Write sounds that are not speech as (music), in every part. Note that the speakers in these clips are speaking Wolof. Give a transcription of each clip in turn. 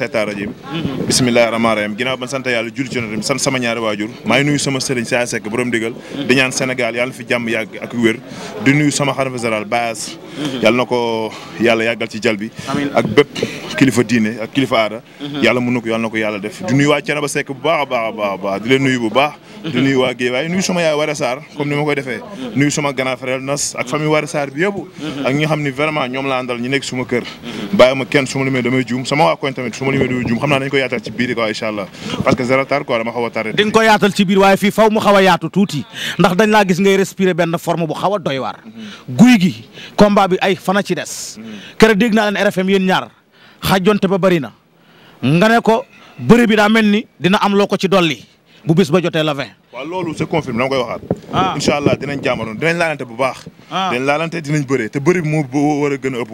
seytaan rajim bisimilahi rahmaan rahim ginnaaw ban sant yàlla jul ci yonent bi sant sama ñaari waajur maa ngi nuyu sama sëriñ Saa Seck borom digal di ñaan Sénégal yàlla fi jàmm yàgg ak wér di nuyu sama xalifa général Baas yàlla na ko yàlla yàggal ci jal bi ak bépp kilifa diine ak kilifa aada mhm. na ko yàlla na ko yàlla def di nuyu waa Thiénaba Seck bu baax a a a baax di leen nuyu bu baax di mhm. nuyu waa Guédiawaye nuyu sama yaay Wara Sarr comme ni ma koy defee mhm. nuyu sama grand frère Nas ak famille Wara Sarr bi yëpp ak ñi xam ne vraiment ñoom laa àndal ñi nekk suma ma limee du juum xam naa dañ ko yaatal ci biir quoi incha allah parce que zéro tard quoi dama xaw a tardé. di nga yaatal ci biir waaye fii faw mu xaw a yaatu tuuti ndax dañ laa gis ngay respirer benn forme bu xaw a doy waar. Mm-hmm. guy gi combat bi ay fana ci des. Mm-hmm. keroog dégg naa leen RFM yéen ñaar xaajonte ba bëri na nga ne ko bëri bi daa mel ni dina am loo ko ci dolli bu bis ba jotee la vingt. waa loolu c'est confirmé dama koy waxaat. ah incha allah dinañ jàmbaroon dinañ laalante bu baax. Ah. dinañ laalante dinañ bëree te bëri mu moo war a gën a ëpp.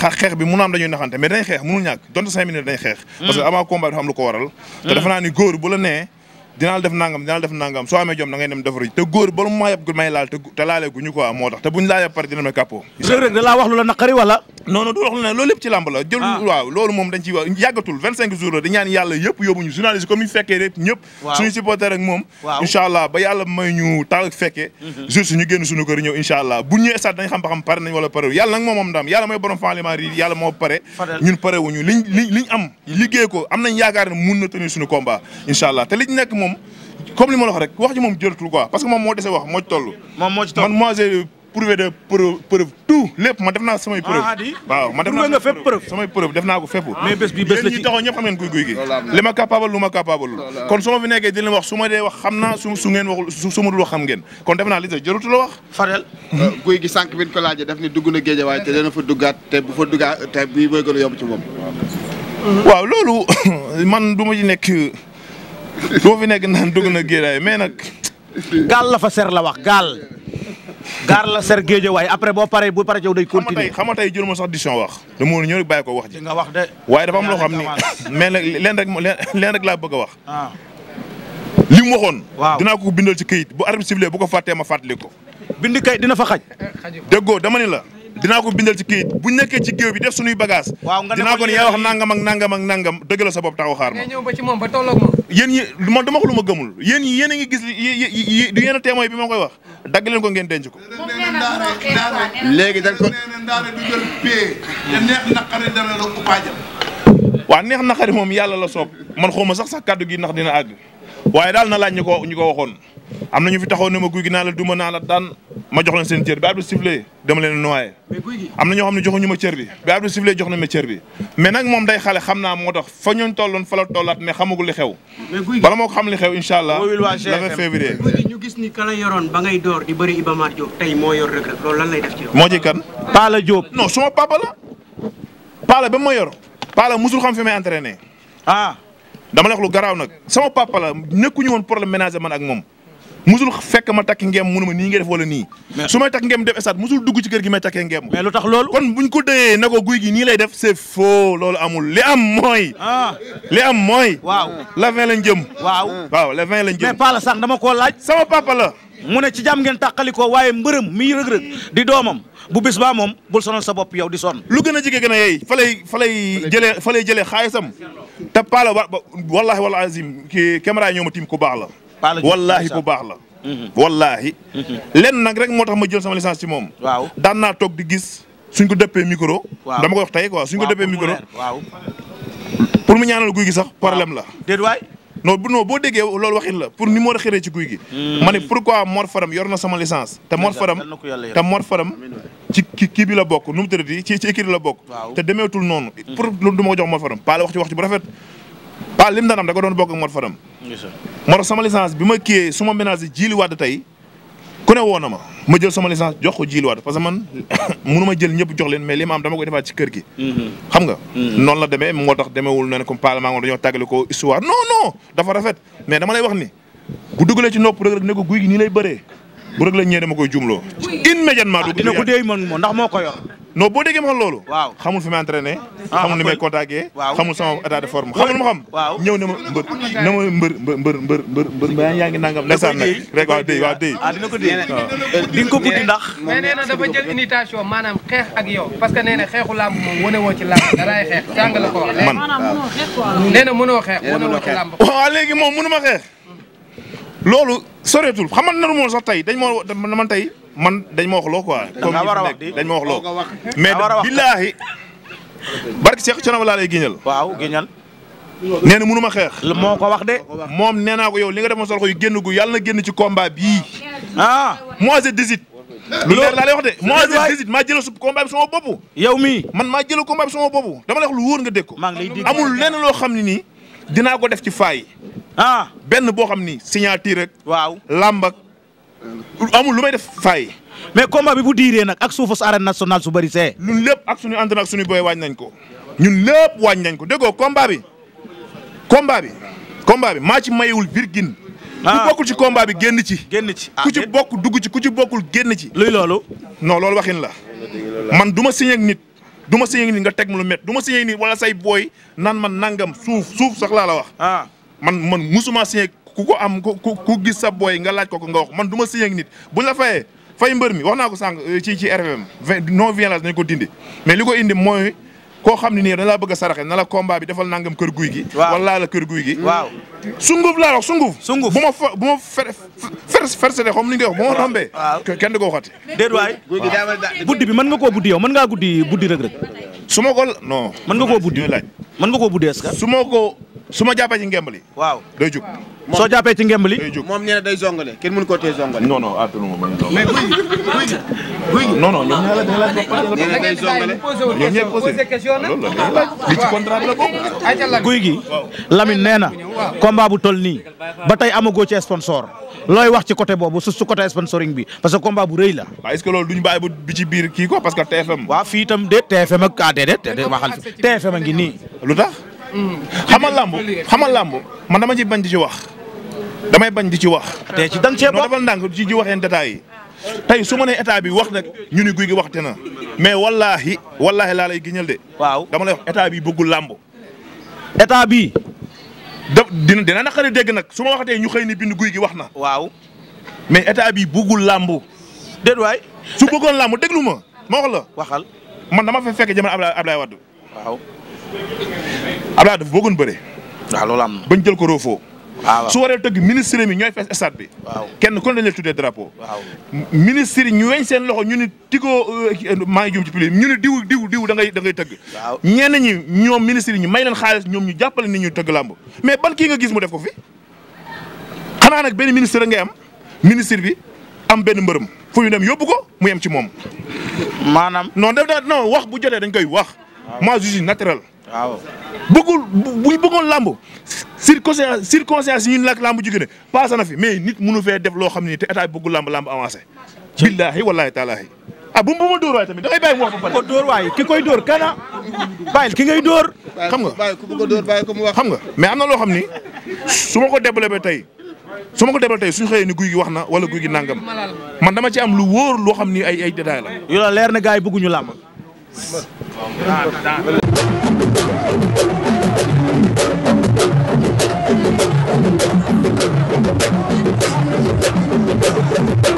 xa xeex bi mu naam dañuy naxante mais dinañ xeex mënul ñàkk donte cinq minutes dañ xeex. Hmm. parce que a combat dafa am lu ko waral. Hmm. te dafa naa ni góor bu la nee dinaa la def nangam dinaa la def nangam soo amee jom da mu ma yab gu may laal te laale guñu la naqari wala non non du wax lu ne loolu lépp la jël ah. waaw loolu moom dañ ci wax yàggatul vingt ñu ko am nañ yaakaar mun na tenir suñu combat incha allah te liñ moom comme li ma la wax rek moom jëratul quoi parce que moom moo dese wax moo ci man moi j'ai de preuve tout lépp man def naa samay preuve. Ah, ah, waaw man def naa samay preuve def naa ko fépp. Ah. mais bés bi bés la xam ngeen guy guy gi. Oh li ma capable lu ma capable oh kon su fi nekkee di wax su ma wax xam naa su su ngeen waxul dul wax xam ngeen kon def naa li sax jëratul wax. Euh, guy gi sànq bi ko laajee daf ni dugg na géej waaye te dana fa duggaat te bu a (coughs) doo fi nekk naan dog na géejaay mais nag. gaal la fa ser la wax gaal. gaal la ser géej waay après boo paree bu paree yow day continuer xam nga tey jël ma sax décision wax. dama woon ñëw rek ko wax ji. nga wax de. waaye dafa xam loo xam ni (laughs) mais leen rek leen rek laa bëgga wax. Ah. li mu waxoon. waaw dinaa ko bindal ci këyit bu arbitre sifflé bu ko fàttee ma fàttali ko. bind kayit dina fa xaj. déggoo dama la. dinaa ko bindal ci këyit bu nekkee ci géew bi def suñuy bagage dinaa ko ne yaa wax nangam ak nangam ak nangam dëgg la sa bopp taxaw xaar ma yéen ñi man dama ko lu ma gëmul yéen yéen a ngi gis li du yéen a témoin bi ma koy wax dagg leen ko ngeen denc ko léegi dañ ko ndaare du jël pee neex naqari dana la moom yàlla la soob man xawma sax sax kàddu gi ndax dina àgg waaye daal na laaj ñu ko ko waxoon am na ñu fi taxoon ne ma guy gi naa la duma naa la daan ma jox leen seen cër bi arbitre sifflé dama leen noyé am na ñoo xam ne ñu ma cër bi bi arbitre sifflé jox na ma cër bi mais nag moom day xale xam na moo tax fa ñooñ tolloon fa la tollaat mais xamagul li xew bala moo ko xam li xew incha allah la vingt février ñu gis ni ka la yoroon ba ngay door di bëri moo yor rek loolu lan moo ci kan Pala Diop non suma papa la Pala ba ma yor Pala musul xam fi may entraîné ah dama la wax lu garaaw nag sama papa nekku ñu woon problème ménager man ak moom musul fekk ma takk ngeem munu ma nii nga def wala nii su may takk ngeem def estat musul dugg ci kër gi may takkee ngeem mais lu tax loolu kon buñ ko dëyee na ko guy gi nii lay def c'est faux loolu amul li am mooy ah. li am mooy waaw la vingt lañ jëm waaw waaw la vingt lañ jëm mais Pala Sane dama koo laaj sama papa la mu ne ci jàmm ngeen tàqalikoo waaye mbërëm mii rëg-rëg di doomam bu bis baa moom bul sonal sa bopp yow di sonn lu gën a jege gën a yeey fa lay fa lay jëlee fa lay jëlee xaalisam te Pala wa wallahi wala azim kii caméra yi ñoo ma tiim ku baax la wallaahi bu baax la. Mhm. wallaahi. Mhm. lenn nag rek moo tax ma jël sama licence ci moom. waaw daan naa toog di gis suñ ko dëppee micro. dama ko wax tey quoi suñ ko dëppee micro. pour mu ñaanal guy gi sax problème la. déet waay. non non boo degee loolu waxin la pour ni Mor xëree ci guy gi. Hmm. ma ne pourquoi Mor Faram yor na sama licence. te Mor Faram te Mor Faram ci kii bi la bokk nu mu tëddee ci ci équipe la bokk. te demeetul noonu. Hmm. pour loolu du ma ko jox Mor Faram Paa la wax ci wax ci bu rafet Paa da ko doon bokk ak Mor moo tax sama bi ma kiiyee su ma jiili waat tey ku ne woo ma ma jël sama jox ko jiili waat parce man (coughs) mënu ma jël ñëpp jox leen mais li am dama koy defaat ci kër gi. Mm-hmm. Mm-hmm. noonu dafa rafet mais dama lay wax ni bu dugalee ci nopp rek ne ko guy gi nii lay bëree bu rek la ñëwee dama koy jumloo. immédiatement dugg ah, dina ko déey man moom ndax moo ko yor. non boo déggee ma xam loolu. waaw xamul fi ma entraîné. Ah, xamul ni may contacté. xamul sama état de forme xamul ma xam. waaw ñëw na ma mbër na ma mbër mbër mbër mbër mbër mbaa yaa ngi nangam. ndeysaan nag rek waaw déy waaw déy. ah dina ko déy ah. di nga ko buddi ndax. mais nee na dafa jël invitation maanaam xeex ak yow parce que nee na xeexu làmb moom wane woo ci làmb daraay xeex jàng la ko wax. man nee na mënoo xeex wane woo ci làmb. waaw léegi moom mënuma xeex. loolu soreetul xamal na lu ma sax tey dañ ma man tey man dañ ma wax loo quoi. comme dañ ma wax loo mais billaahi barki Cheikh Thionama laa lay géñal. waaw géñal. nee na mënu ma xeex. moo ko wax de. moom nee naa ko yow li nga def ma sol ko yu génn gu yàlla na génn ci combat bii. ah moi je décide. lu leer laa lay wax de moi je décide maa jëla su combat bi sama bopp. yow mii man maa jëla combat bi sama bopp dama lay wax lu wóor nga dégg ko. amul lenn loo xam ne nii dinaa ko def ci faay. ah benn boo xam ni signature rek. waaw làmb amul lu may def faay. mais combat bi bu diiree nag ak suufu arène nationale su bari see. ñun lépp ak suñu entraîneur ak suñu booy wàññi nañ ko ñun lépp wàññi nañ ko déggoo combat bi. combat bi combat bi maa ci mayewul virgin. ah ku bokkul ci combat bi génn ci. génn ci ah, ku ci bokk dugg ci ku ci bokkul génn ci. luy loolu. non loolu waxin la. man duma ma nit. du ma signé ak nit nga teg ma duma métti du ma signé nit wala say booy naan man nangam suuf suuf sax laa wax. ah man man musuma signé ku ko am ku ku gis sa booy nga laaj ko ko nga wax man du ma signé ak nit bu la fayee fay mbër mi wax naa ko sànq eh, ci ci RFM non violence nañ ko dindi mais li ko indi mooy koo xam ne nii da laa bëgg a saraxe na la combat bi defal nangam kër guy gi. waaw wala la kër guy gi. waaw sunguf laa wax sunguf. sunguf bu ma fa bu ma fer fer fersete ni nga wax bu ma rombee. waaw kenn du ko waxati. déet buddi bi mën nga koo buddi yow man ngaa guddi buddi rëg rëg su ma ko no man nga koo buddi mën nga koo buddi est-ce su ma ko su ma jàppee ci ngembali. waaw day jug. soo jàppee ci ngemb li moom nee na day zongale kenn mënu koo tee zongale. non non attanu ma bañ a guy gi guy gi. non nee na combat bu tol nii ba tey amagoo ci sponsor. looy wax ci côté boobu su su côté sponsoring bi parce que combat bu rëy la. waaw est-ce que bàyyi bi ci biir kii ko parce que TFM. waaw fii itam de TFM ak ah déedéet a ngi nii. lu tax. Hmm. xamal lamb xamal lamb man dama ci bañ di ci wax. damay bañ di ci wax. te ci dañ cee bokk dafal ndànk ci waxee waxeen détails yi tey su ma état bi wax nag ñu ni guy gi wax te na mais wallaahi wallaahi laa lay giñal de. waaw dama lay wax état bi bëggul làmb. état bi. da dina dina naqari dégg nag su ma waxatee ñu xëy ni bind guy gi wax na. waaw mais état bi bëggul làmb. déet su bëggoon làmb déglu ma ma wax la. waxal man dama fa fekk jamono Ablaye Ablaye Wade. waaw. Ablaye dafa bëggoon bëre. waaw bañ jël ko roofoo. su waree tëgg ministre mi ñooy fees stade bi kenn kon dañ la tuddee drapeau ministre ñu weñ seen loxo ñu ni tigoo euh, maa ngi jum ci pli ñu ni diw diw diw da ngay da ngay tëgg ñenn ñi ñoom ministre yi ñu may leen xaalis ñoom ñu jàppale ni ñu tëgg làmb mais ban kii nga gis mu def ko fi xanaa nag benn ministre ngay am ministre bi am benn mbërëm fu ñu dem yóbbu ko mu yem ci moom maanaam non def non wax bu jotee dañ koy wax moi je naturel waaw bëggul bu bëggoon làmb circonstance circonstance yi ñu lak làmb jugee ne passé na fi mais nit mënu fee def loo xam ne te état bi bëggul làmb làmb avancé. billaahi wallaahi taalaahi ah bu mu ma dóor waay tamit dangay bàyyi mu wax ba pare. dóor waay ki koy dóor kana bàyyi ki ngay dóor. xam nga bàyyi a dóor xam nga mais am na loo xam ni su ma ko développé tey su ma ko développé tey suñu xëyee ni guy gi wax na wala guy gi nangam man dama ci am lu wóor loo xam ni ay ay détail la. leer na gars yi bëgguñu làmb. Ah, ah. Thank you.